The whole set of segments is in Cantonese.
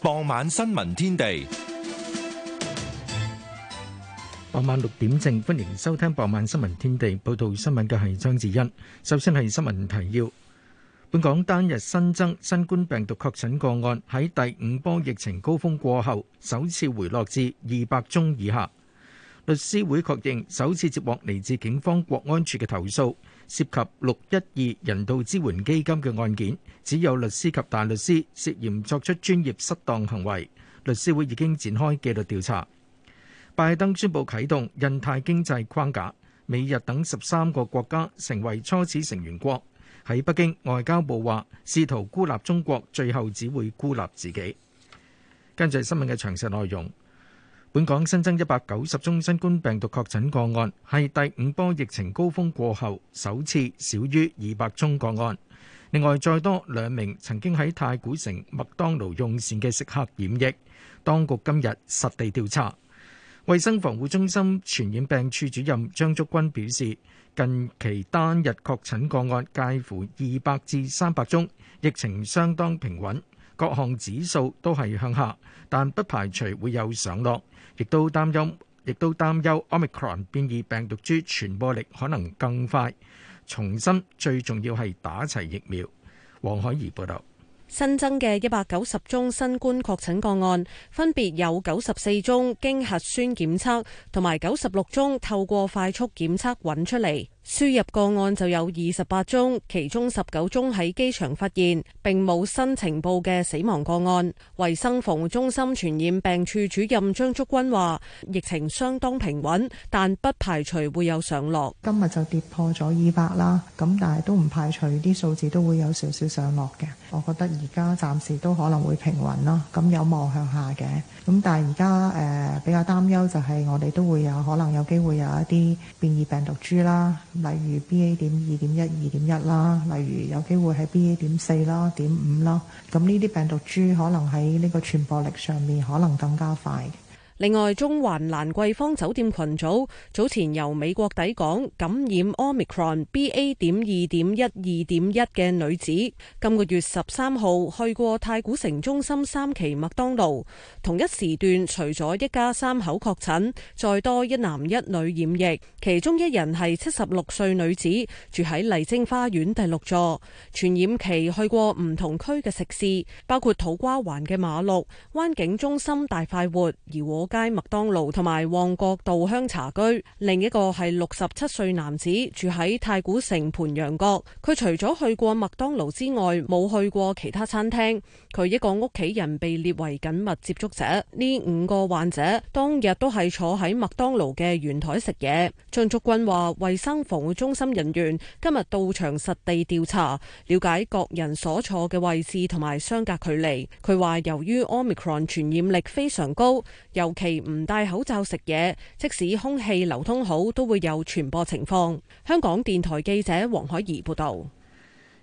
傍晚新聞天地，傍晚六點正，歡迎收聽傍晚新聞天地。報道新聞嘅係張智欣。首先係新聞提要：本港單日新增新冠病毒確診個案喺第五波疫情高峰過後首次回落至二百宗以下。律師會確認首次接獲嚟自警方國安處嘅投訴。涉及六一二人道支援基金嘅案件，只有律師及大律師涉嫌作出專業失當行為。律師會已經展開紀律調查。拜登宣布啟動印太經濟框架，美日等十三個國家成為初始成員國。喺北京，外交部話試圖孤立中國，最後只會孤立自己。跟住係新聞嘅詳細內容。本港新增一百九十宗新冠病毒確診個案，係第五波疫情高峰過後首次少於二百宗個案。另外，再多兩名曾經喺太古城麥當勞用膳嘅食客染疫，當局今日實地調查。衛生防護中心傳染病處主任張竹君表示，近期單日確診個案介乎二百至三百宗，疫情相當平穩，各項指數都係向下，但不排除會有上落。亦都擔憂，亦都擔憂，Omicron 變異病毒株傳播力可能更快。重申最重要係打齊疫苗。黃海怡報導，新增嘅一百九十宗新冠確診個案，分別有九十四宗經核酸檢測，同埋九十六宗透過快速檢測揾出嚟。輸入個案就有二十八宗，其中十九宗喺機場發現，並冇新情報嘅死亡個案。衛生防護中心傳染病處主任張竹君話，疫情相當平穩，但不排除會有上落。今日就跌破咗二百啦，咁但係都唔排除啲數字都會有少少上落嘅。我覺得而家暫時都可能會平穩啦，咁有望向下嘅。咁但係而家誒比較擔憂就係我哋都會有可能有機會有一啲變異病毒株啦。例如 B A 點二點一、二點一啦，例如有機會喺 B A 點四啦、點五啦，咁呢啲病毒株可能喺呢個傳播力上面可能更加快。另外，中環蘭桂坊酒店群組早前由美國抵港感染 Omicron BA. 點二點一二點一嘅女子，今個月十三號去過太古城中心三期麥當勞，同一時段除咗一家三口確診，再多一男一女染疫，其中一人係七十六歲女子，住喺麗晶花園第六座，傳染期去過唔同區嘅食肆，包括土瓜灣嘅馬六、灣景中心大快活、而街麥當勞同埋旺角稻香茶居。另一個係六十七歲男子住喺太古城盤楊角。佢除咗去過麥當勞之外，冇去過其他餐廳。佢一個屋企人被列為緊密接觸者。呢五個患者當日都係坐喺麥當勞嘅圓台食嘢。張竹君話，衛生防護中心人員今日到場實地調查，了解各人所坐嘅位置同埋相隔距離。佢話由於 Omicron 傳染力非常高，又期唔戴口罩食嘢，即使空氣流通好，都會有傳播情況。香港電台記者黃海怡報導，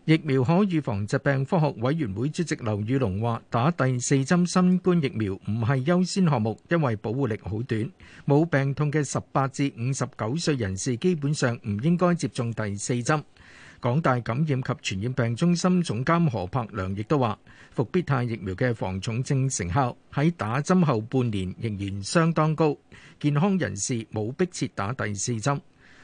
疫苗可預防疾病科學委員會主席劉宇龍話：打第四針新冠疫苗唔係優先項目，因為保護力好短。冇病痛嘅十八至五十九歲人士基本上唔應該接種第四針。港大感染及傳染病中心總監何柏良亦都話，復必泰疫苗嘅防重症成效喺打針後半年仍然相當高，健康人士冇迫切打第四針。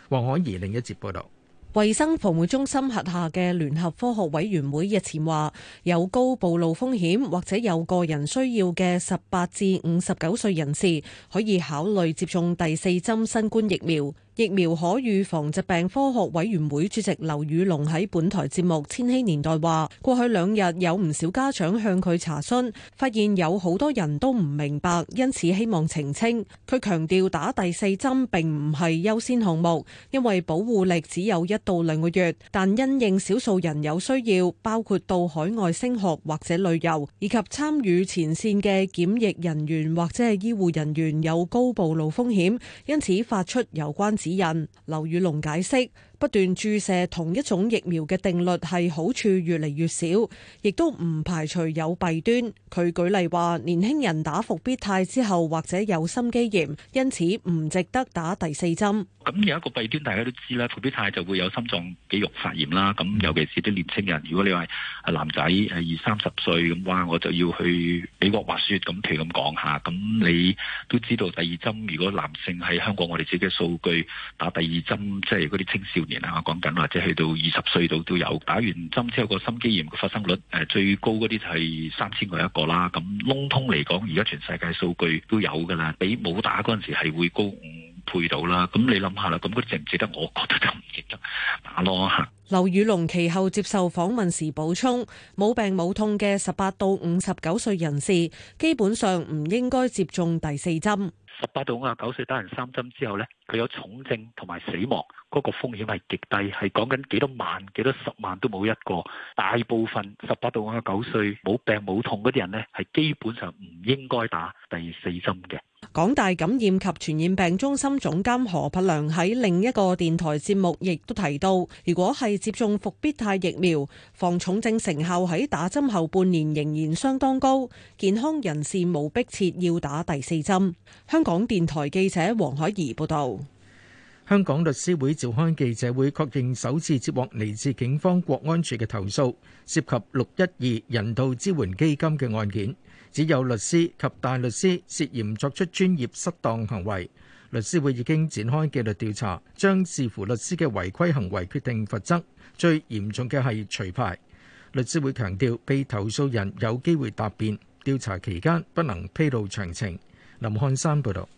黃海怡另一節報導，衞生防護中心轄下嘅聯合科學委員會日前話，有高暴露風險或者有個人需要嘅十八至五十九歲人士，可以考慮接種第四針新冠疫苗。疫苗可預防疾病科學委員會主席劉宇龍喺本台節目《千禧年代》話：過去兩日有唔少家長向佢查詢，發現有好多人都唔明白，因此希望澄清。佢強調打第四針並唔係優先項目，因為保護力只有一到兩個月。但因應少數人有需要，包括到海外升學或者旅遊，以及參與前線嘅檢疫人員或者係醫護人員有高暴露風險，因此發出有關。指引劉宇龍解釋。不斷注射同一種疫苗嘅定律係好處越嚟越少，亦都唔排除有弊端。佢舉例話，年輕人打復必泰之後或者有心肌炎，因此唔值得打第四針。咁有一個弊端大家都知啦，復必泰就會有心臟肌肉發炎啦。咁尤其是啲年青人，如果你話係男仔係二三十歲咁，哇我就要去美國滑雪咁，譬如咁講下。咁你都知道第二針如果男性喺香港我哋自己嘅數據打第二針，即係嗰啲青少年。年啦，講緊或者去到二十歲度都有打完針之後個心肌炎嘅發生率，誒最高嗰啲就係三千個一個啦。咁籠統嚟講，而家全世界數據都有噶啦，比冇打嗰陣時係會高五倍度啦。咁你諗下啦，咁嗰啲值唔值得？我覺得就唔值得打咯。劉宇龍其後接受訪問時補充：冇病冇痛嘅十八到五十九歲人士，基本上唔應該接種第四針。十八到五十九歲打完三針之後呢，佢有重症同埋死亡嗰個風險係極低，係講緊幾多萬、幾多十萬都冇一個。大部分十八到五十九歲冇病冇痛嗰啲人呢，係基本上唔應該打第四針嘅。港大感染及傳染病中心總監何柏良喺另一個電台節目亦都提到，如果係接種復必泰疫苗，防重症成效喺打針後半年仍然相當高，健康人士無迫切要打第四針。香港電台記者黃海怡報道。香港律師會召開記者會，確認首次接獲嚟自警方國安處嘅投訴，涉及六一二人道支援基金嘅案件。只有律師及大律師涉嫌作出專業失當行為，律師會已經展開紀律調查，將視乎律師嘅違規行為決定罰則，最嚴重嘅係除牌。律師會強調被投訴人有機會答辯，調查期間不能披露詳情。林漢山報道。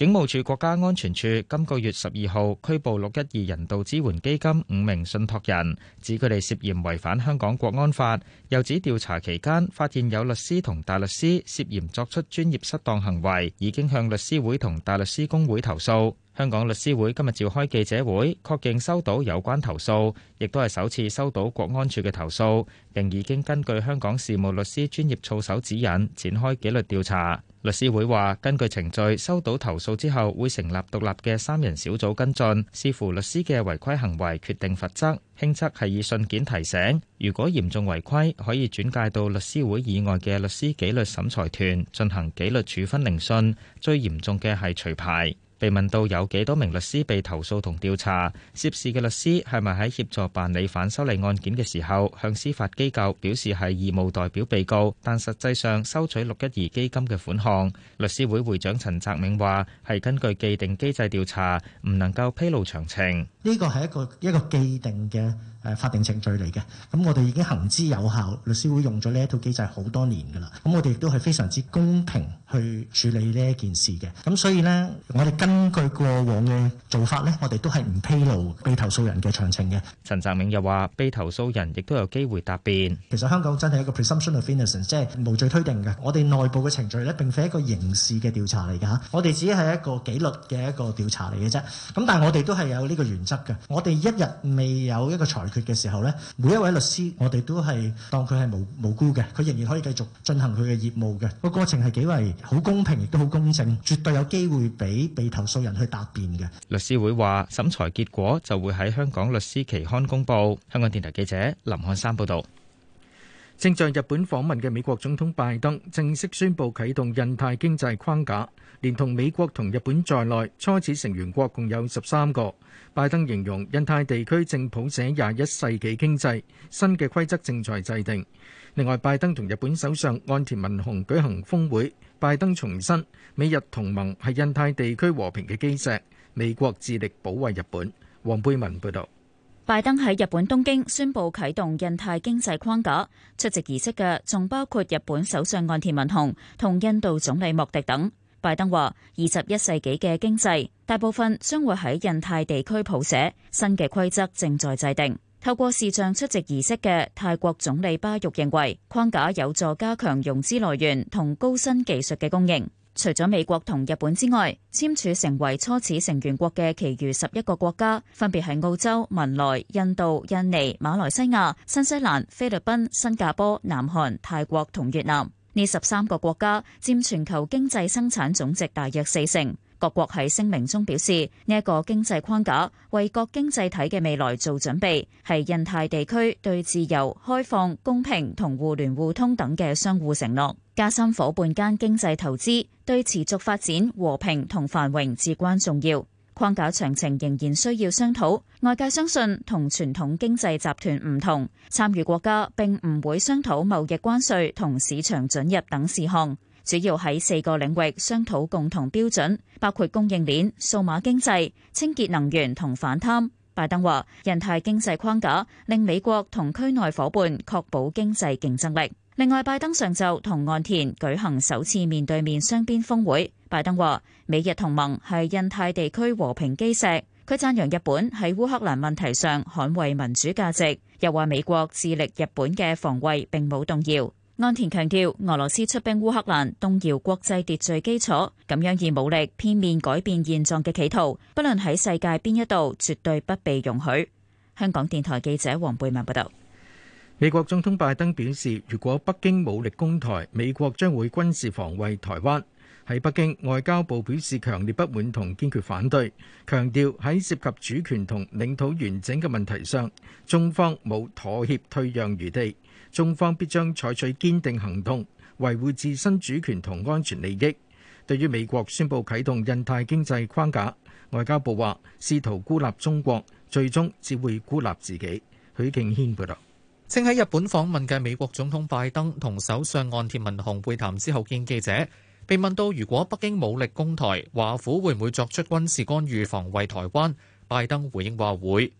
警務處國家安全處今個月十二號拘捕六一二人道支援基金五名信託人，指佢哋涉嫌違反香港國安法。又指調查期間發現有律師同大律師涉嫌作出專業失當行為，已經向律師會同大律師公會投訴。香港律師會今日召開記者會，確認收到有關投訴，亦都係首次收到國安處嘅投訴，並已經根據香港事務律師專業操守指引展開紀律調查。律師會話：根據程序，收到投訴之後會成立獨立嘅三人小組跟進，視乎律師嘅違規行為決定罰則。輕則係以信件提醒，如果嚴重違規，可以轉介到律師會以外嘅律師紀律審裁團進行紀律處分聆訊，最嚴重嘅係除牌。被問到有幾多名律師被投訴同調查，涉事嘅律師係咪喺協助辦理反修例案件嘅時候，向司法機構表示係義務代表被告，但實際上收取六一二基金嘅款項？律師會會長陳澤銘話：係根據既定機制調查，唔能夠披露詳情。呢個係一個一個既定嘅。誒法定程序嚟嘅，咁我哋已經行之有效，律師會用咗呢一套機制好多年㗎啦。咁我哋亦都係非常之公平去處理呢一件事嘅。咁所以呢，我哋根據過往嘅做法呢，我哋都係唔披露被投訴人嘅詳情嘅。陳澤銘又話，被投訴人亦都有機會答辯。其實香港真係一個 presumption of innocence，即係無罪推定嘅。我哋內部嘅程序呢，並非一個刑事嘅調查嚟㗎吓，我哋只係一個紀律嘅一個調查嚟嘅啫。咁但係我哋都係有呢個原則嘅。我哋一日未有一個裁佢嘅時候呢，每一位律師，我哋都係當佢係無無辜嘅，佢仍然可以繼續進行佢嘅業務嘅。個過程係幾為好公平，亦都好公正，絕對有機會俾被投訴人去答辯嘅。律師會話審裁結果就會喺香港律師期刊公佈。香港電台記者林漢山報導。正在日本訪問嘅美國總統拜登正式宣布啟動印太經濟框架，連同美國同日本在內，初始成員國共有十三個。拜登形容印太地區正譜寫廿一世紀經濟新嘅規則正在制定。另外，拜登同日本首相岸田文雄舉行峰會，拜登重申美日同盟係印太地區和平嘅基石，美國致力保衛日本。黃貝文報導。拜登喺日本東京宣布啟動印太經濟框架，出席儀式嘅仲包括日本首相岸田文雄同印度總理莫迪等。拜登話：二十一世紀嘅經濟大部分將會喺印太地區譜寫，新嘅規則正在制定。透過視像出席儀式嘅泰國總理巴育認為，框架有助加強融資來源同高新技術嘅供應。除咗美國同日本之外，簽署成為初始成員國嘅其餘十一個國家，分別係澳洲、文萊、印度、印尼、馬來西亞、新西蘭、菲律賓、新加坡、南韓、泰國同越南。呢十三個國家佔全球經濟生產總值大約四成。各國喺聲明中表示，呢一個經濟框架為各經濟體嘅未來做準備，係印太地區對自由、開放、公平同互聯互通等嘅相互承諾。加深伙伴間經濟投資，對持續發展、和平同繁榮至關重要。框架詳情仍然需要商討。外界相信，同傳統經濟集團唔同，參與國家並唔會商討貿易關稅同市場准入等事項。主要喺四個領域商討共同標準，包括供應鏈、數碼經濟、清潔能源同反貪。拜登話，印太經濟框架令美國同區內伙伴確保經濟競爭力。另外，拜登上晝同岸田舉行首次面對面雙邊峰會。拜登話，美日同盟係印太地區和平基石。佢讚揚日本喺烏克蘭問題上捍衛民主價值，又話美國致力日本嘅防衛並冇動搖。安田強調，俄羅斯出兵烏克蘭，動搖國際秩序基礎，咁樣以武力片面改變現狀嘅企圖，不論喺世界邊一度，絕對不被容許。香港電台記者黃貝文報道。美國總統拜登表示，如果北京武力攻台，美國將會軍事防衛台灣。喺北京，外交部表示強烈不滿同堅決反對，強調喺涉及主權同領土完整嘅問題上，中方冇妥協退讓餘地。中方必將採取堅定行動，維護自身主權同安全利益。對於美國宣布啟動印太經濟框架，外交部話試圖孤立中國，最終只會孤立自己。許敬軒報道。正喺日本訪問嘅美國總統拜登同首相岸田文雄會談之後見記者，被問到如果北京武力攻台，華府會唔會作出軍事干預防衛台灣？拜登回應話會。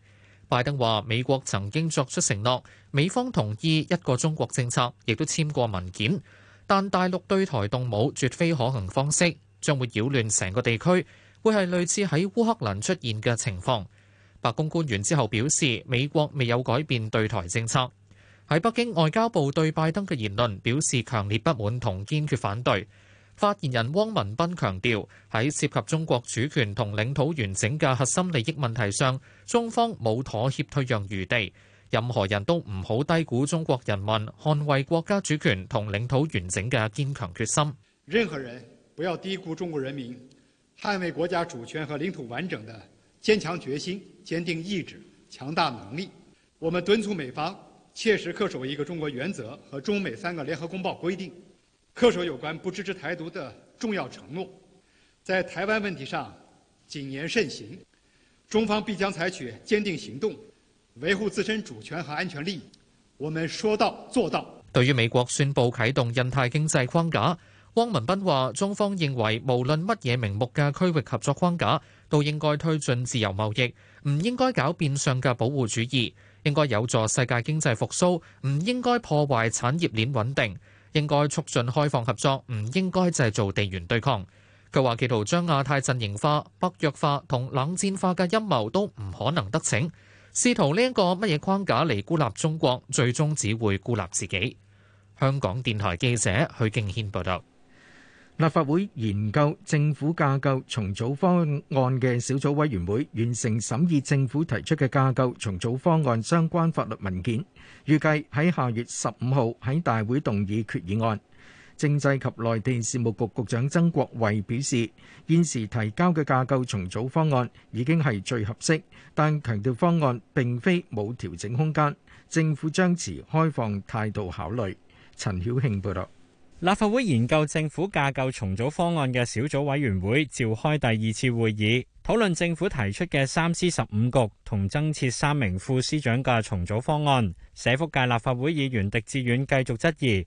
拜登話：美國曾經作出承諾，美方同意一個中國政策，亦都簽過文件。但大陸對台動武絕非可行方式，將會擾亂成個地區，會係類似喺烏克蘭出現嘅情況。白宮官員之後表示，美國未有改變對台政策。喺北京，外交部對拜登嘅言論表示強烈不滿同堅決反對。發言人汪文斌強調，喺涉及中國主權同領土完整嘅核心利益問題上，中方冇妥協退讓餘地，任何人都唔好低估中國人民捍衛國家主權同領土完整嘅堅強決心。任何人不要低估中國人民捍衛國家主權和領土完整的堅強決心，堅定意志，強大能力。我們敦促美方切實恪守一個中國原則和中美三個聯合公報規定。恪守有關不支持台獨的重要承諾，在台灣問題上謹言慎行，中方必將採取堅定行動，維護自身主權和安全利益。我們說到做到。對於美國宣佈啟動印太經濟框架，汪文斌話：中方認為，無論乜嘢名目嘅區域合作框架，都應該推進自由貿易，唔應該搞變相嘅保護主義，應該有助世界經濟復甦，唔應該破壞產業鏈穩定。應該促進開放合作，唔應該製造地緣對抗。佢話，企圖將亞太陣營化、北約化同冷戰化嘅陰謀都唔可能得逞。試圖呢一個乜嘢框架嚟孤立中國，最終只會孤立自己。香港電台記者許敬軒報道。立法會研究政府架構重組方案嘅小組委員會完成審議政府提出嘅架構重組方案相關法律文件，預計喺下月十五號喺大會動議決議案。政制及內地事務局局長曾國衛表示，現時提交嘅架構重組方案已經係最合適，但強調方案並非冇調整空間，政府將持開放態度考慮。陳曉慶報道。立法會研究政府架構重組方案嘅小組委員會召開第二次會議，討論政府提出嘅三司十五局同增設三名副司長嘅重組方案。社福界立法會議員狄志遠繼續質疑。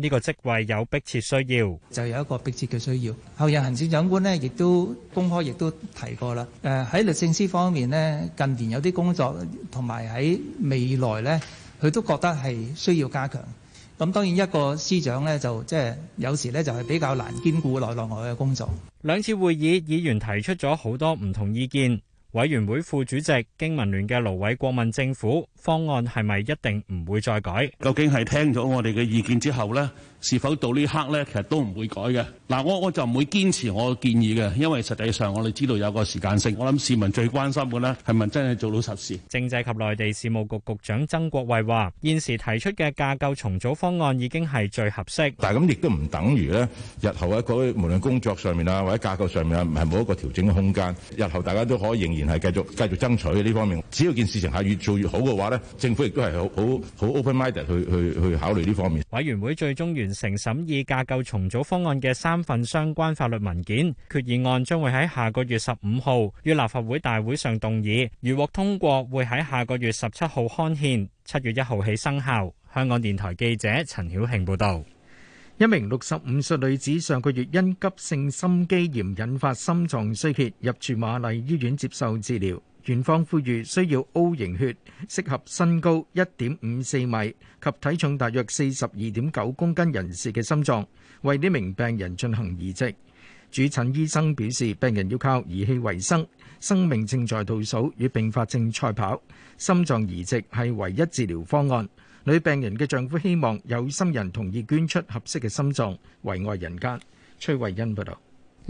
呢個職位有迫切需要，就有一個迫切嘅需要。候任行政長官咧，亦都公開，亦都提過啦。誒喺律政司方面咧，近年有啲工作同埋喺未來咧，佢都覺得係需要加強。咁當然一個司長咧，就即係有時咧，就係比較難兼顧內內外嘅工作。兩次會議，議員提出咗好多唔同意見。委員會副主席經民聯嘅盧偉國問政府方案係咪一定唔會再改？究竟係聽咗我哋嘅意見之後呢？」是否到呢刻呢？其實都唔會改嘅。嗱，我我就唔會堅持我嘅建議嘅，因為實際上我哋知道有個時間性。我諗市民最關心嘅呢，係咪真係做到實事？政制及內地事務局局長曾國衛話：現時提出嘅架構重組方案已經係最合適。但係咁亦都唔等於呢，日後喺嗰無論工作上面啊，或者架構上面啊，唔係冇一個調整嘅空間。日後大家都可以仍然係繼續繼續爭取呢方面。只要件事情係越做越好嘅話呢，政府亦都係好好好 open minded 去去去考慮呢方面。委員會最終完完成審議架構重組方案嘅三份相關法律文件決議案，將會喺下個月十五號於立法會大會上動議，如獲通過，會喺下個月十七號刊憲，七月一號起生效。香港電台記者陳曉慶報導。一名六十五歲女子上個月因急性心肌炎引發心臟衰竭，入住瑪麗醫院接受治療。院方呼籲需要 O 型血、適合身高1.54米及體重大約42.9公斤人士嘅心臟，為呢名病人進行移植。主診醫生表示，病人要靠儀器維生，生命正在倒數與併發症賽跑，心臟移植係唯一治療方案。女病人嘅丈夫希望有心人同意捐出合適嘅心臟，為愛人間。崔慧欣報道。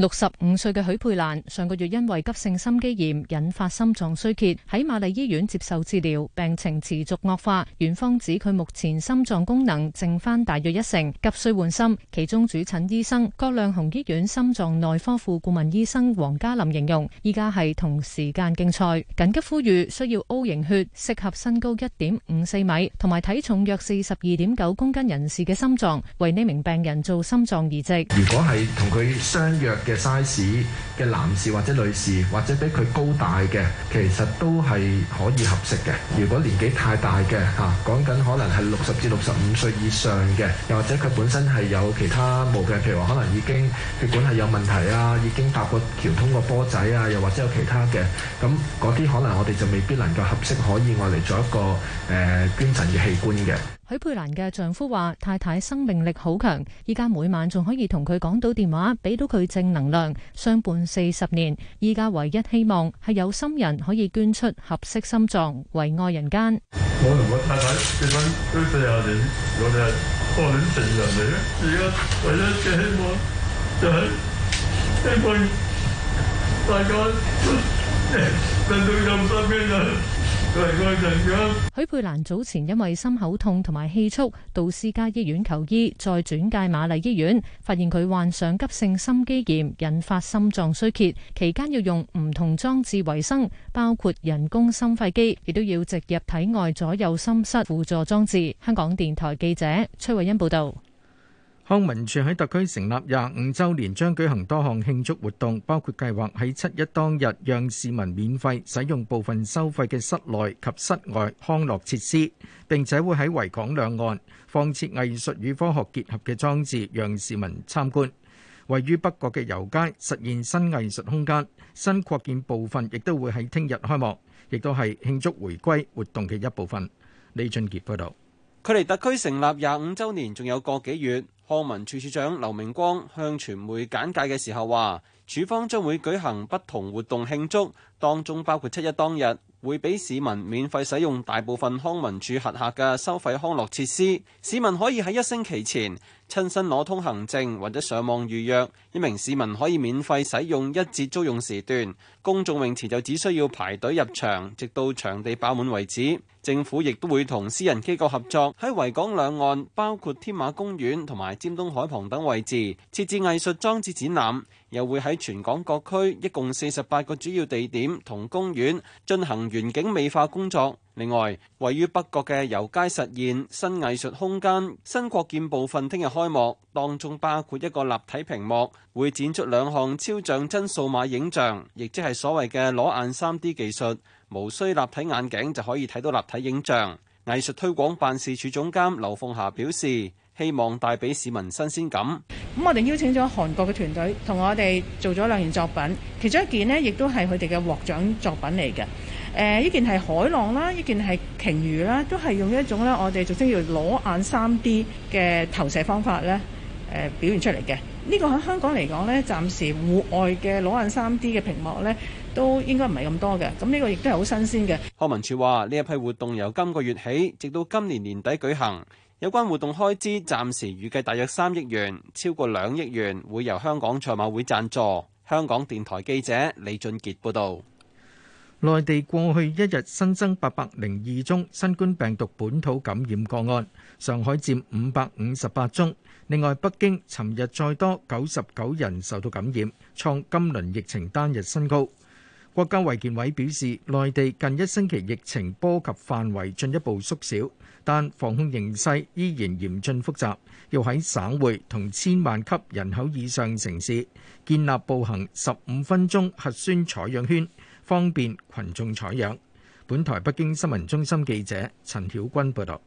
六十五歲嘅許佩蘭上個月因為急性心肌炎引發心臟衰竭，喺瑪麗醫院接受治療，病情持續惡化。院方指佢目前心臟功能剩返大約一成，急需換心。其中主診醫生、葛量洪醫院心臟內科副顧問醫生黃嘉林形容：依家係同時間競賽，緊急呼籲需要 O 型血，適合身高一點五四米同埋體重約四十二點九公斤人士嘅心臟，為呢名病人做心臟移植。如果係同佢相約嘅 size 嘅男士或者女士或者比佢高大嘅，其實都係可以合適嘅。如果年紀太大嘅嚇，講緊可能係六十至六十五歲以上嘅，又或者佢本身係有其他毛病，譬如話可能已經血管係有問題啊，已經搭過橋通過波仔啊，又或者有其他嘅，咁嗰啲可能我哋就未必能夠合適可以攞嚟做一個誒、呃、捐贈嘅器官嘅。許佩蘭嘅丈夫話：太太生命力好強，依家每晚仲可以同佢講到電話，俾到佢正能量。相伴四十年，依家唯一希望係有心人可以捐出合適心臟，為愛人間。我同我太太結婚都四十年，我哋係患難情人嚟嘅，而家唯一嘅希望就係、是、希望大家能夠有心病人。許佩蘭早前因為心口痛同埋氣促，到私家醫院求醫，再轉介瑪麗醫院，發現佢患上急性心肌炎，引發心臟衰竭，期間要用唔同裝置維生，包括人工心肺機，亦都要植入體外左右心室輔助裝置。香港電台記者崔慧欣報道。康文署喺特區成立廿五周年，將舉行多項慶祝活動，包括計劃喺七一當日讓市民免費使用部分收費嘅室內及室外康樂設施，並且會喺維港兩岸放置藝術與科學結合嘅裝置，讓市民參觀。位於北角嘅油街實現新藝術空間新擴建部分，亦都會喺聽日開幕，亦都係慶祝回歸活動嘅一部分。李俊傑報道，距離特區成立廿五周年仲有個幾月。康文署署長劉明光向傳媒簡介嘅時候話，處方將會舉行不同活動慶祝，當中包括七一當日，會俾市民免費使用大部分康文署轄下嘅收費康樂設施，市民可以喺一星期前，親身攞通行證或者上網預約，一名市民可以免費使用一節租用時段。公眾泳池就只需要排隊入場，直到場地爆滿為止。政府亦都會同私人機構合作，喺維港兩岸，包括天馬公園同埋尖東海旁等位置設置藝術裝置展覽，又會喺全港各區一共四十八個主要地點同公園進行園景美化工作。另外，位於北角嘅油街實現新藝術空間新國建部分聽日開幕，當中包括一個立體屏幕，會展出兩項超像真數碼影像，亦即係所謂嘅裸眼 3D 技術，無需立體眼鏡就可以睇到立體影像。藝術推廣辦事處總監劉鳳霞表示，希望帶俾市民新鮮感。咁我哋邀請咗韓國嘅團隊同我哋做咗兩件作品，其中一件呢亦都係佢哋嘅獲獎作品嚟嘅。誒呢件係海浪啦，呢件係鯨魚啦，都係用一種咧，我哋俗稱叫裸眼三 D 嘅投射方法咧，誒表現出嚟嘅呢個喺香港嚟講咧，暫時戶外嘅裸眼三 D 嘅屏幕咧，都應該唔係咁多嘅。咁、這、呢個亦都係好新鮮嘅。康文署話呢一批活動由今個月起直到今年年底舉行，有關活動開支暫時預計大約三億元，超過兩億元會由香港賽馬會贊助。香港電台記者李俊傑報道。內地過去一日新增八百零二宗新冠病毒本土感染個案，上海佔五百五十八宗。另外，北京尋日再多九十九人受到感染，創今輪疫情單日新高。國家衛健委表示，內地近一星期疫情波及範圍進一步縮小，但防控形勢依然嚴峻複雜，要喺省會同千萬級人口以上城市建立步行十五分鐘核酸採樣圈。方便群眾採樣。本台北京新聞中心記者陳曉君報道，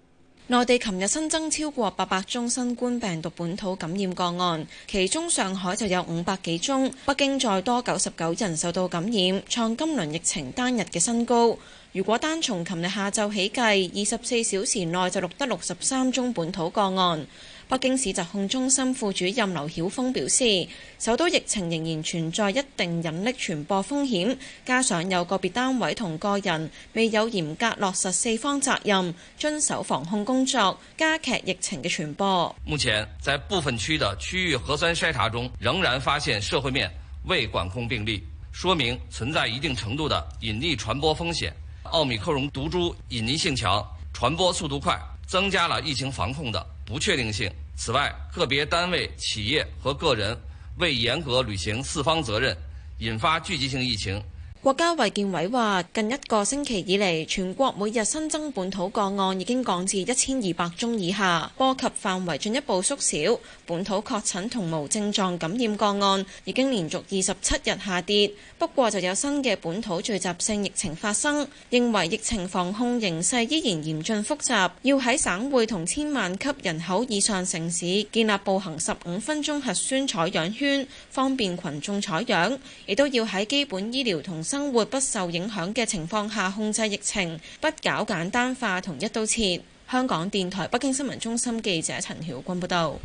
內地琴日新增超過八百宗新冠病毒本土感染個案，其中上海就有五百幾宗，北京再多九十九人受到感染，創今輪疫情單日嘅新高。如果單從琴日下晝起計，二十四小時內就錄得六十三宗本土個案。北京市疾控中心副主任劉曉峰表示，首都疫情仍然存在一定隱匿傳播風險，加上有個別單位同個人未有嚴格落實四方責任，遵守防控工作，加劇疫情嘅傳播。目前，在部分區的區域核酸篩查中，仍然發現社會面未管控病例，說明存在一定程度的隱匿傳播風險。奧米克戎毒株隱匿性強，傳播速度快。增加了疫情防控的不確定性。此外，個別單位、企業和個人未嚴格履行四方責任，引發聚集性疫情。國家衛健委話，近一個星期以嚟，全國每日新增本土個案已經降至一千二百宗以下，波及範圍進一步縮小。本土確診同無症狀感染個案已經連續二十七日下跌。不過就有新嘅本土聚集性疫情發生，認為疫情防控形勢依然嚴峻複雜，要喺省會同千萬級人口以上城市建立步行十五分鐘核酸採樣圈，方便群眾採樣，亦都要喺基本醫療同生活不受影響嘅情況下控制疫情，不搞簡單化同一刀切。香港電台北京新聞中心記者陳曉君報道。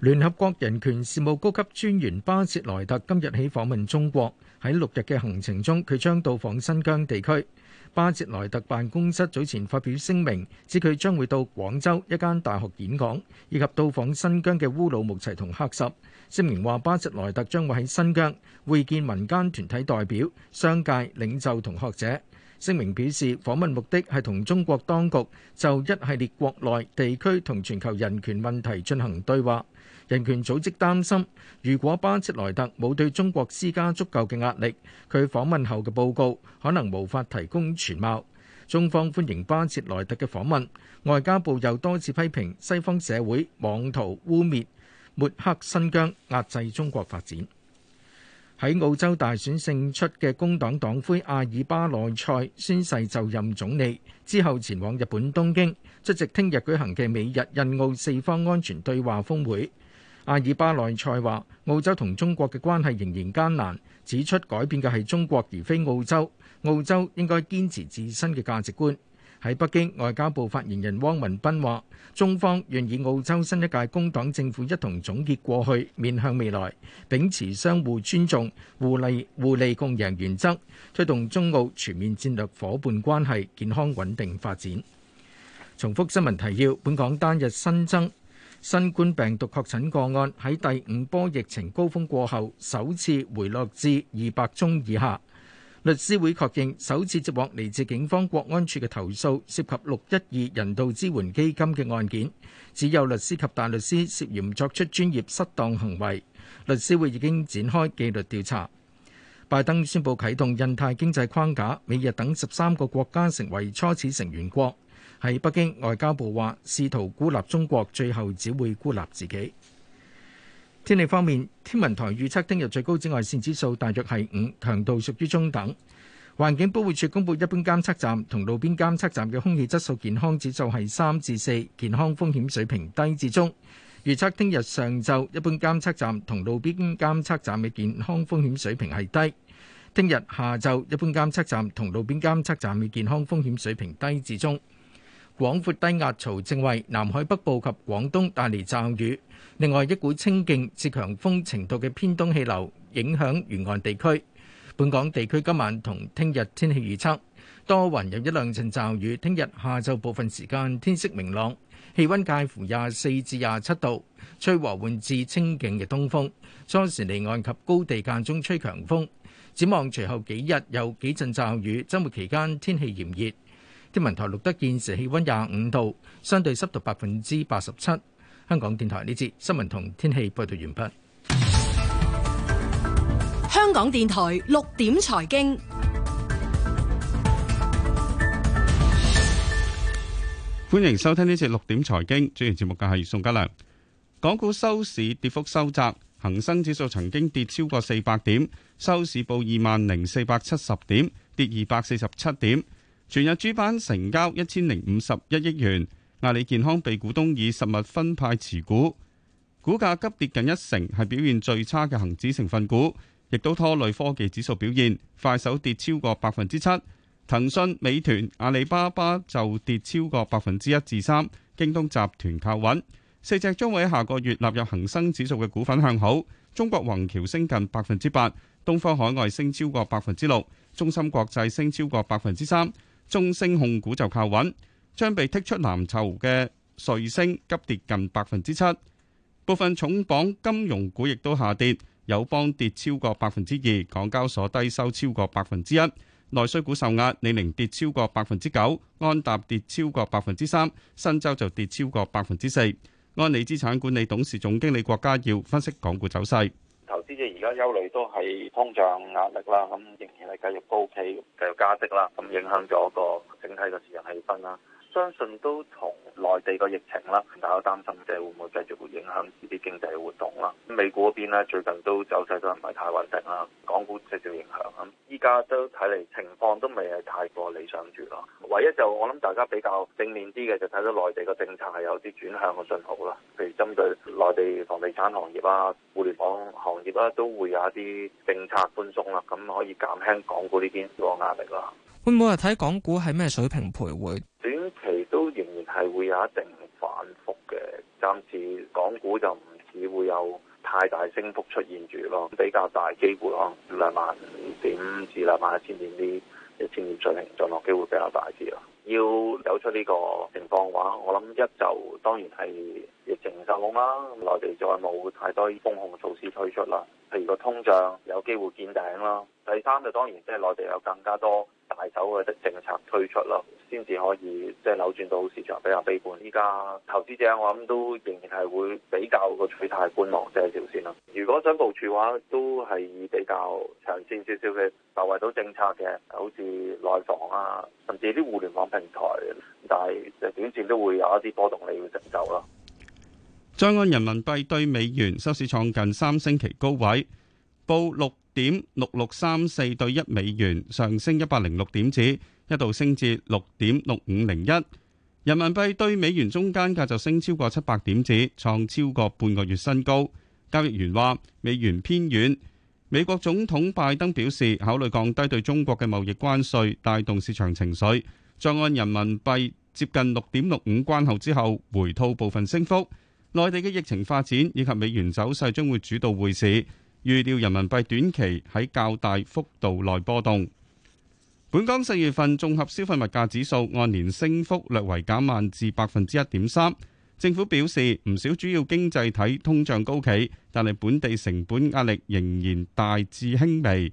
聯合國人權事務高級專員巴切萊特今日起訪問中國，喺六日嘅行程中，佢將到訪新疆地區。巴切萊特辦公室早前發表聲明，指佢將會到廣州一間大學演講，以及到訪新疆嘅烏魯木齊同喀什。聲明話，巴切萊特將會喺新疆會見民間團體代表、商界領袖同學者。聲明表示，訪問目的係同中國當局就一系列國內地區同全球人權問題進行對話。人權組織擔心，如果巴切萊特冇對中國施加足夠嘅壓力，佢訪問後嘅報告可能無法提供全貌。中方歡迎巴切萊特嘅訪問。外交部又多次批評西方社會妄圖污蔑抹黑新疆，壓制中國發展。喺澳洲大選勝出嘅工黨黨魁阿爾巴內塞宣誓就任總理，之後前往日本東京出席聽日舉行嘅美日印澳四方安全對話峰會。阿爾巴內塞話：澳洲同中國嘅關係仍然艱難，指出改變嘅係中國而非澳洲，澳洲應該堅持自身嘅價值觀。喺北京，外交部發言人汪文斌話，中方願與澳洲新一屆工黨政府一同總結過去，面向未來，秉持相互尊重、互利互利共贏原則，推動中澳全面戰略夥伴關係健康穩定發展。重複新聞提要：本港單日新增新冠病毒確診個案喺第五波疫情高峰過後首次回落至二百宗以下。律師會確認首次接獲嚟自警方國安處嘅投訴，涉及六一二人道支援基金嘅案件，只有律師及大律師涉嫌作出專業失當行為。律師會已經展開紀律調查。拜登宣布啟動印太經濟框架，美日等十三個國家成為初始成員國。喺北京，外交部話試圖孤立中國，最後只會孤立自己。天氣方面，天文台預測聽日最高紫外線指數大約係五，強度屬於中等。環境保護署公佈一般監測站同路邊監測站嘅空氣質素健康指數係三至四，健康風險水平低至中。預測聽日上晝一般監測站同路邊監測站嘅健康風險水平係低。聽日下晝一般監測站同路邊監測站嘅健康風險水平低至中。廣闊低壓槽正為南海北部及廣東帶嚟驟雨，另外一股清勁至強風程度嘅偏東氣流影響沿岸地區。本港地區今晚同聽日天氣預測多雲，有一兩陣驟雨。聽日下晝部分時間天色明朗，氣温介乎廿四至廿七度，吹和緩至清勁嘅東風。初時離岸及高地間中吹強風。展望隨後幾日有幾陣驟雨，周末期間天氣炎熱。天文台錄得現時氣温廿五度，相對濕度百分之八十七。香港電台呢節新聞同天氣報道完畢。香港電台六點財經，歡迎收聽呢節六點財經。主持節目嘅係宋家良。港股收市跌幅收窄，恒生指數曾經跌超過四百點，收市報二萬零四百七十點，跌二百四十七點。全日主板成交一千零五十一億元，阿里健康被股東以實物分派持股，股價急跌近一成，係表現最差嘅恒指成分股，亦都拖累科技指數表現。快手跌超過百分之七，騰訊、美團、阿里巴巴就跌超過百分之一至三，京東集團靠穩。四隻將會喺下個月納入恒生指數嘅股份向好，中國宏橋升近百分之八，東方海外升超過百分之六，中芯國際升超過百分之三。中星控股就靠穩，將被剔出藍籌嘅瑞星急跌近百分之七，部分重磅金融股亦都下跌，友邦跌超過百分之二，港交所低收超過百分之一，內需股受壓，李寧跌超過百分之九，安踏跌超過百分之三，新洲就跌超過百分之四。安理資產管理董事總經理郭家耀分析港股走勢。即係而家憂慮都係通脹壓力啦，咁仍然係繼續高企，繼續加息啦，咁影響咗個整體嘅市場氣氛啦。相信都同內地個疫情啦，大家擔心即係會唔會繼續會影響呢啲經濟活動啦。美股嗰邊呢，最近都走勢都唔係太穩定啦，港股直接影響。咁依家都睇嚟情況都未係太過理想住咯。唯一就我諗大家比較正面啲嘅，就睇到內地個政策係有啲轉向嘅信號啦，譬如針對內地房地產行業啊、互聯網行業啦，都會有一啲政策寬鬆啦，咁可以減輕港股呢邊個壓力啦。會唔會係睇港股係咩水平徘徊？短期都仍然係會有一定反覆嘅，暫時港股就唔止會有太大升幅出現住咯，比較大機會可能兩萬五點至兩萬一千點啲，一千點進進落機會比較大啲咯。要走出呢個情況嘅話，我諗一就當然係疫情收尾啦，內地再冇太多封控措施推出啦。譬如個通脹有機會見頂啦。第三就當然即係內地有更加多大手嘅政策推出咯，先至可以即係扭轉到市場比較悲觀。依家投資者我諗都仍然係會比較個取態觀望即係少先啦。如果想部署嘅話，都係比較長線少少嘅，就為到政策嘅，好似內房啊，甚至啲互聯網。但係短期都會有一啲波動，你要承受咯。在岸人民幣對美元收市創近三星期高位，報六點六六三四對一美元，上升一百零六點子，一度升至六點六五零一。人民幣對美元中間價就升超過七百點子，創超過半個月新高。交易員話：美元偏軟。美國總統拜登表示，考慮降低對中國嘅貿易關稅，帶動市場情緒。再按人民幣接近六點六五關口之後回吐部分升幅，內地嘅疫情發展以及美元走勢將會主導匯市，預料人民幣短期喺較大幅度內波動。本港四月份綜合消費物價指數按年升幅略為減慢至百分之一點三。政府表示，唔少主要經濟體通脹高企，但係本地成本壓力仍然大致輕微，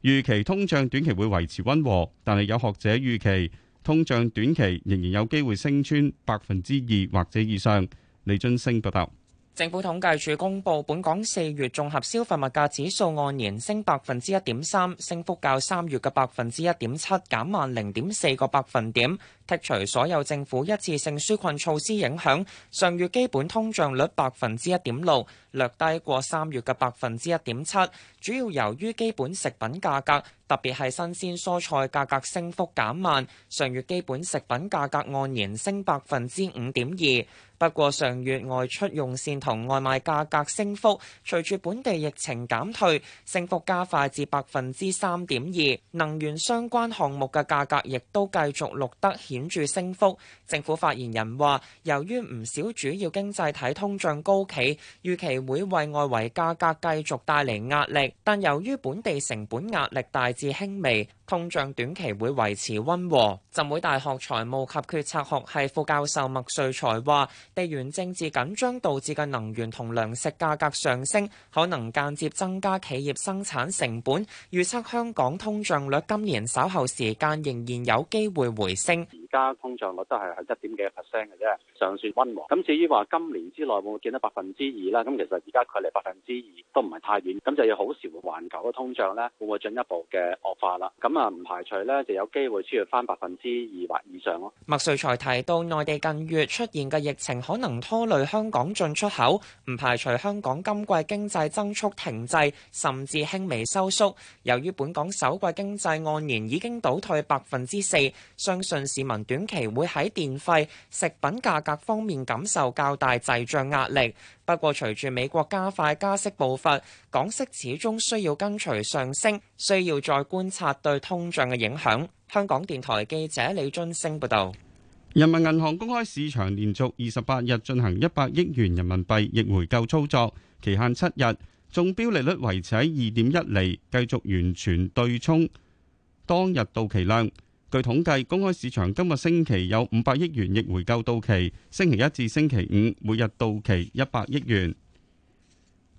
預期通脹短期會維持溫和，但係有學者預期。通脹短期仍然有機會升穿百分之二或者以上，李俊升報道。政府統計處公布，本港四月綜合消費物價指數按年升百分之一點三，升幅較三月嘅百分之一點七減慢零點四個百分點。剔除所有政府一次性紓困措施影響，上月基本通脹率百分之一點六，略低過三月嘅百分之一點七，主要由於基本食品價格，特別係新鮮蔬菜價格升幅減慢。上月基本食品價格按年升百分之五點二。不過，上月外出用膳同外賣價格升幅，隨住本地疫情減退，升幅加快至百分之三點二。能源相關項目嘅價格亦都繼續錄得顯著升幅。政府發言人話，由於唔少主要經濟體通脹高企，預期會為外圍價格繼續帶嚟壓力，但由於本地成本壓力大致輕微。通脹短期會維持溫和。浸會大學財務及決策學系副教授麥瑞才話，地緣政治緊張導致嘅能源同糧食價格上升，可能間接增加企業生產成本。預測香港通脹率今年稍後時間仍然有機會回升。家通脹率都係係一點幾 percent 嘅啫，尚算溫和。咁至於話今年之內會唔會見到百分之二啦？咁其實而家距離百分之二都唔係太遠，咁就要好時換環球嘅通脹呢，會唔會進一步嘅惡化啦？咁啊，唔排除呢就有機會超越返百分之二或以上咯。麥瑞才提到，內地近月出現嘅疫情可能拖累香港進出口，唔排除香港今季經濟增速停滯甚至輕微收縮。由於本港首季經濟按年已經倒退百分之四，相信市民短期會喺電費、食品價格方面感受較大滯脹壓力。不過，隨住美國加快加息步伐，港息始終需要跟隨上升，需要再觀察對通脹嘅影響。香港電台記者李津升報道。人民銀行公開市場連續二十八日進行一百億元人民幣逆回購操作，期限七日，中標利率維持喺二點一釐，繼續完全對沖當日到期量。據統計，公開市場今個星期有五百億元逆回購到期，星期一至星期五每日到期一百億元。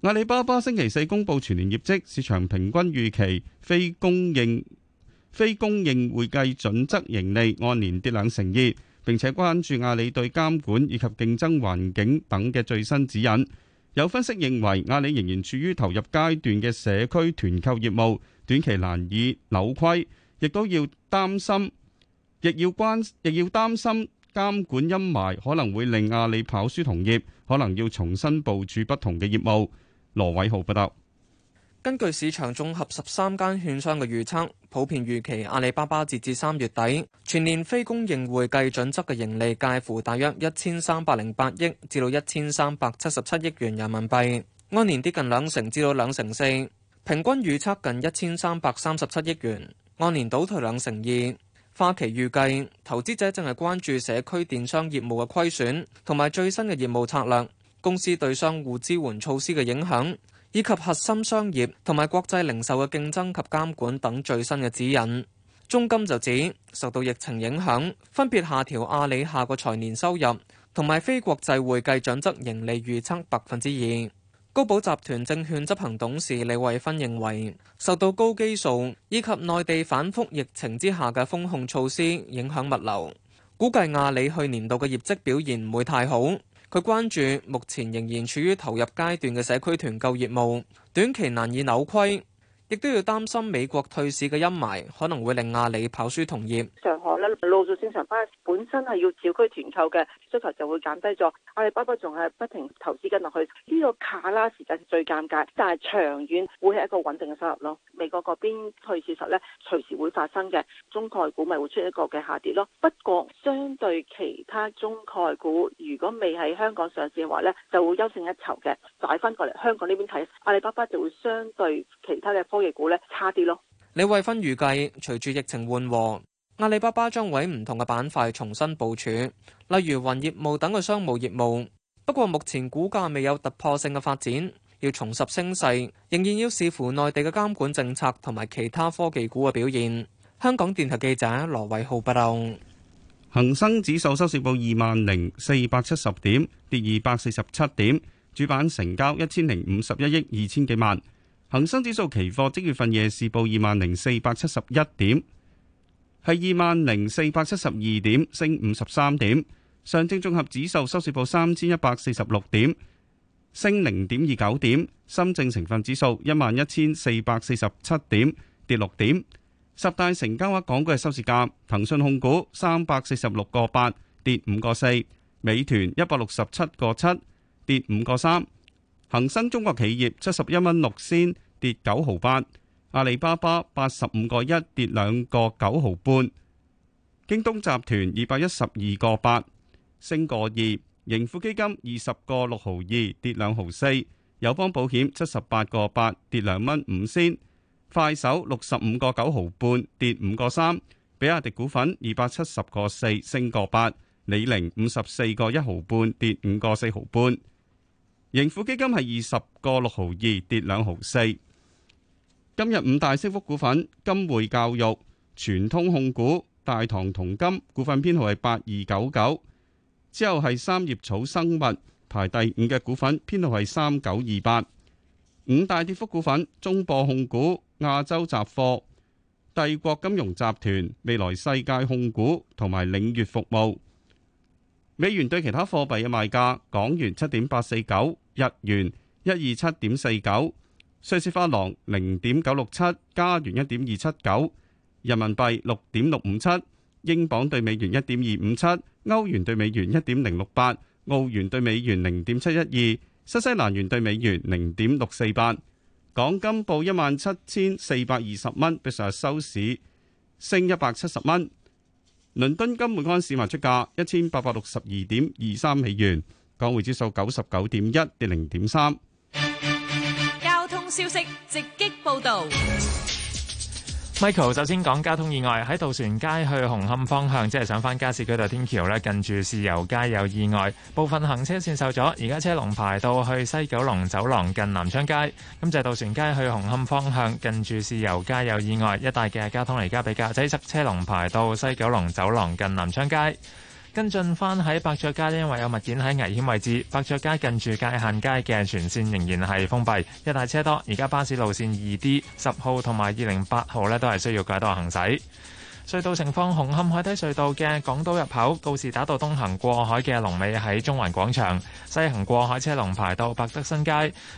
阿里巴巴星期四公布全年業績，市場平均預期非公認非公認會計準則盈利按年跌兩成二，並且關注阿里對監管以及競爭環境等嘅最新指引。有分析認為，阿里仍然處於投入階段嘅社區團購業務，短期難以扭虧，亦都要。擔心亦要關，亦要擔心監管陰霾，可能會令阿里跑輸同業，可能要重新部署不同嘅業務。羅偉浩報道。根據市場綜合十三間券商嘅預測，普遍預期阿里巴巴截至三月底全年非公認會計準則嘅盈利介乎大約一千三百零八億至到一千三百七十七億元人民幣，按年跌近兩成至到兩成四，平均預測近一千三百三十七億元。按年倒退兩成二，花旗預計投資者正係關注社區電商業務嘅虧損，同埋最新嘅業務策略、公司對商戶支援措施嘅影響，以及核心商業同埋國際零售嘅競爭及監管等最新嘅指引。中金就指受到疫情影響，分別下調阿里下個財年收入同埋非國際會計準則盈利預測百分之二。高寶集團證券執行董事李慧芬認為，受到高基數以及內地反覆疫情之下嘅封控措施影響物流，估計阿里去年度嘅業績表現唔會太好。佢關注目前仍然處於投入階段嘅社區團購業務，短期難以扭虧。亦都要擔心美國退市嘅陰霾，可能會令阿里跑輸同業。上海咧陸續正常翻，本身係要小區團購嘅需求就會減低咗。阿里巴巴仲係不停投資緊落去，呢、這個卡啦時間最尷尬，但係長遠會係一個穩定嘅收入咯。美國嗰邊退市時候咧，隨時會發生嘅中概股咪會出一個嘅下跌咯。不過相對其他中概股，如果未喺香港上市嘅話咧，就會優勝一籌嘅。擺翻過嚟香港呢邊睇，阿里巴巴就會相對其他嘅。科技股呢差啲咯。李慧芬預計，隨住疫情緩和，阿里巴巴將會喺唔同嘅板塊重新部署，例如雲業務等嘅商務業務。不過目前股價未有突破性嘅發展，要重拾升勢，仍然要視乎內地嘅監管政策同埋其他科技股嘅表現。香港電台記者羅偉浩報道。恒生指數收市報二萬零四百七十點，跌二百四十七點。主板成交一千零五十一億二千幾萬。恒生指數期貨即月份夜市報二萬零四百七十一點，係二萬零四百七十二點，升五十三點。上證綜合指數收市報三千一百四十六點，升零點二九點。深證成分指數一萬一千四百四十七點，跌六點。十大成交額港股嘅收市價：騰訊控股三百四十六個八，跌五個四；美團一百六十七個七，跌五個三。恒生中國企業七十一蚊六仙，跌九毫八，阿里巴巴八十五個一，跌兩個九毫半，京東集團二百一十二個八，升個二，盈富基金二十個六毫二，跌兩毫四，友邦保險七十八個八，跌兩蚊五仙，快手六十五個九毫半，跌五個三，比亞迪股份二百七十個四，升個八，李寧五十四個一毫半，跌五個四毫半。盈富基金係二十個六毫二，跌兩毫四。今日五大升幅股份：金匯教育、全通控股、大唐同金股份編號係八二九九。之後係三葉草生物排第五嘅股份，編號係三九二八。五大跌幅股份：中博控股、亞洲雜貨、帝國金融集團、未來世界控股同埋領悅服務。美元對其他貨幣嘅賣價：港元七點八四九。日元一二七點四九，瑞士法郎零點九六七，加元一點二七九，人民幣六點六五七，英鎊兌美元一點二五七，歐元兌美元一點零六八，澳元兌美元零點七一二，新西蘭元兌美元零點六四八。港金報一萬七千四百二十蚊，比上日收市升一百七十蚊。倫敦金每安士賣出價一千八百六十二點二三美元。港匯指數九十九點一跌零點三。交通消息直擊報道。Michael 首先講交通意外，喺渡船街去紅磡方向，即係上翻加士居道天橋咧，近住豉油街有意外，部分行車線受阻，而家車龍排到去西九龍走廊近南昌街。咁就係渡船街去紅磡方向，近住豉油街有意外一帶嘅交通而家比較擠塞，車龍排到西九龍走廊近南昌街。跟進返喺百雀街，因為有物件喺危險位置，百雀街近住界限街嘅全線仍然係封閉，一帶車多。而家巴士路線二 D、十號同埋二零八號呢，都係需要改道行駛。隧道情況：紅磡海底隧道嘅港島入口，告士打道東行過海嘅龍尾喺中環廣場；西行過海車龍排到百德新街。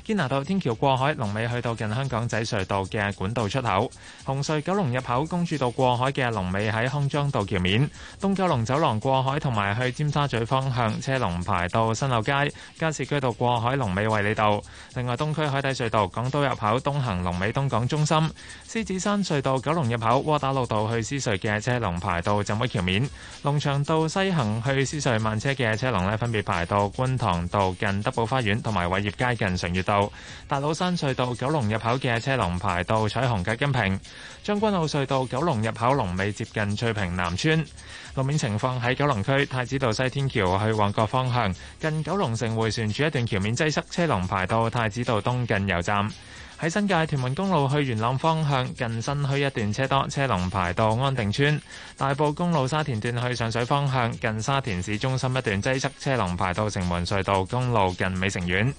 堅拿道天橋過海龍尾去到近香港仔隧道嘅管道出口。紅隧九龍入口，公主道過海嘅龍尾喺康莊道橋面。東九龍走廊過海同埋去尖沙咀方向車龍排到新樓街。加士居道過海龍尾衛理道。另外，東區海底隧道港島入口東行龍尾東港中心。獅子山隧道九龍入口，窩打老道去獅隧嘅車龍排到浸威橋面，龍翔道西行去獅隧慢車嘅車龍咧，分別排到觀塘道近德寶花園，同埋偉業街近常悅道。大老山隧道九龍入口嘅車龍排到彩虹街金坪，將軍澳隧道九龍入口龍尾接近翠屏南村路面情況喺九龍區太子道西天橋去旺角方向，近九龍城迴旋處一段橋面擠塞，車龍排到太子道東近油站。喺新界屯門公路去元朗方向，近新墟一段車多，車龍排到安定村。大埔公路沙田段去上水方向，近沙田市中心一段擠塞，車龍排到城門隧道公路近美城苑。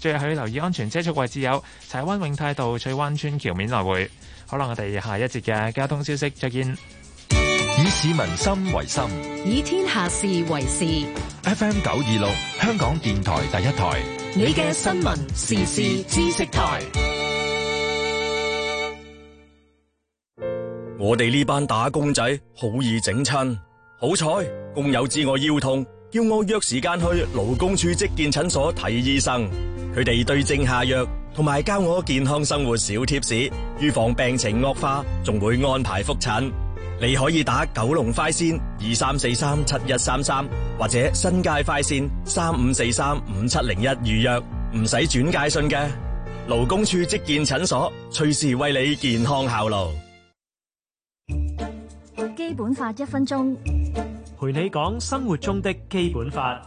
最後，要留意安全車速位置有柴灣永泰道翠灣村橋面來回。好啦，我哋下一節嘅交通消息，再見。以市民心為心，以天下事為事。FM 九二六，香港電台第一台。你嘅新聞時事知識台，我哋呢班打工仔好易整親，好彩工友知我腰痛，叫我約時間去勞工處職健診所睇醫生，佢哋對症下藥，同埋教我健康生活小貼士，預防病情惡化，仲會安排覆診。你可以打九龍快線二三四三七一三三或者新界快線三五四三五七零一預約，唔使轉介信嘅。勞工處職健診所隨時為你健康效勞。基本法一分鐘，陪你講生活中的基本法。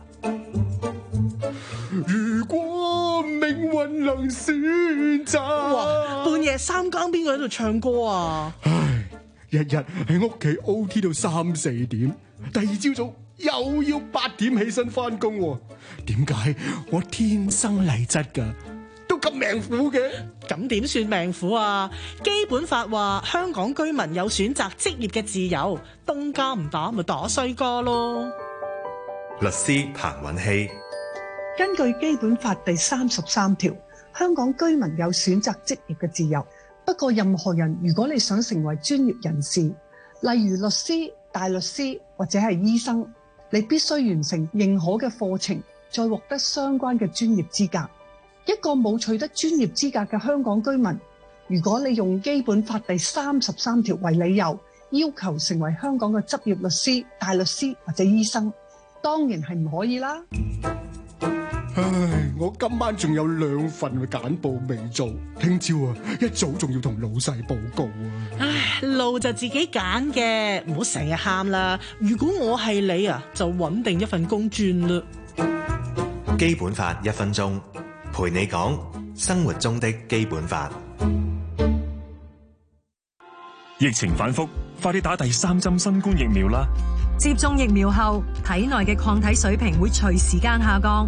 如果命運能選擇，哇！半夜三更邊個喺度唱歌啊？日日喺屋企 OT 到三四點，第二朝早又要八點起身翻工，點解我天生麗質噶，都咁命苦嘅？咁點算命苦啊？基本法話香港居民有選擇職業嘅自由，東家唔打咪打衰哥咯。律師彭允希，根據基本法第三十三條，香港居民有選擇職業嘅自由。不過，任何人如果你想成為專業人士，例如律師、大律師或者係醫生，你必須完成認可嘅課程，再獲得相關嘅專業資格。一個冇取得專業資格嘅香港居民，如果你用基本法第三十三條為理由，要求成為香港嘅執業律師、大律師或者醫生，當然係唔可以啦。唉，我今晚仲有兩份簡報未做，聽朝啊一早仲要同老細報告啊。唉，路就自己揀嘅，唔好成日喊啦。如果我係你啊，就搵定一份工轉啦。基本法一分鐘陪你講生活中的基本法。疫情反複，快啲打第三針新冠疫苗啦！接種疫苗後，體內嘅抗體水平會隨時間下降。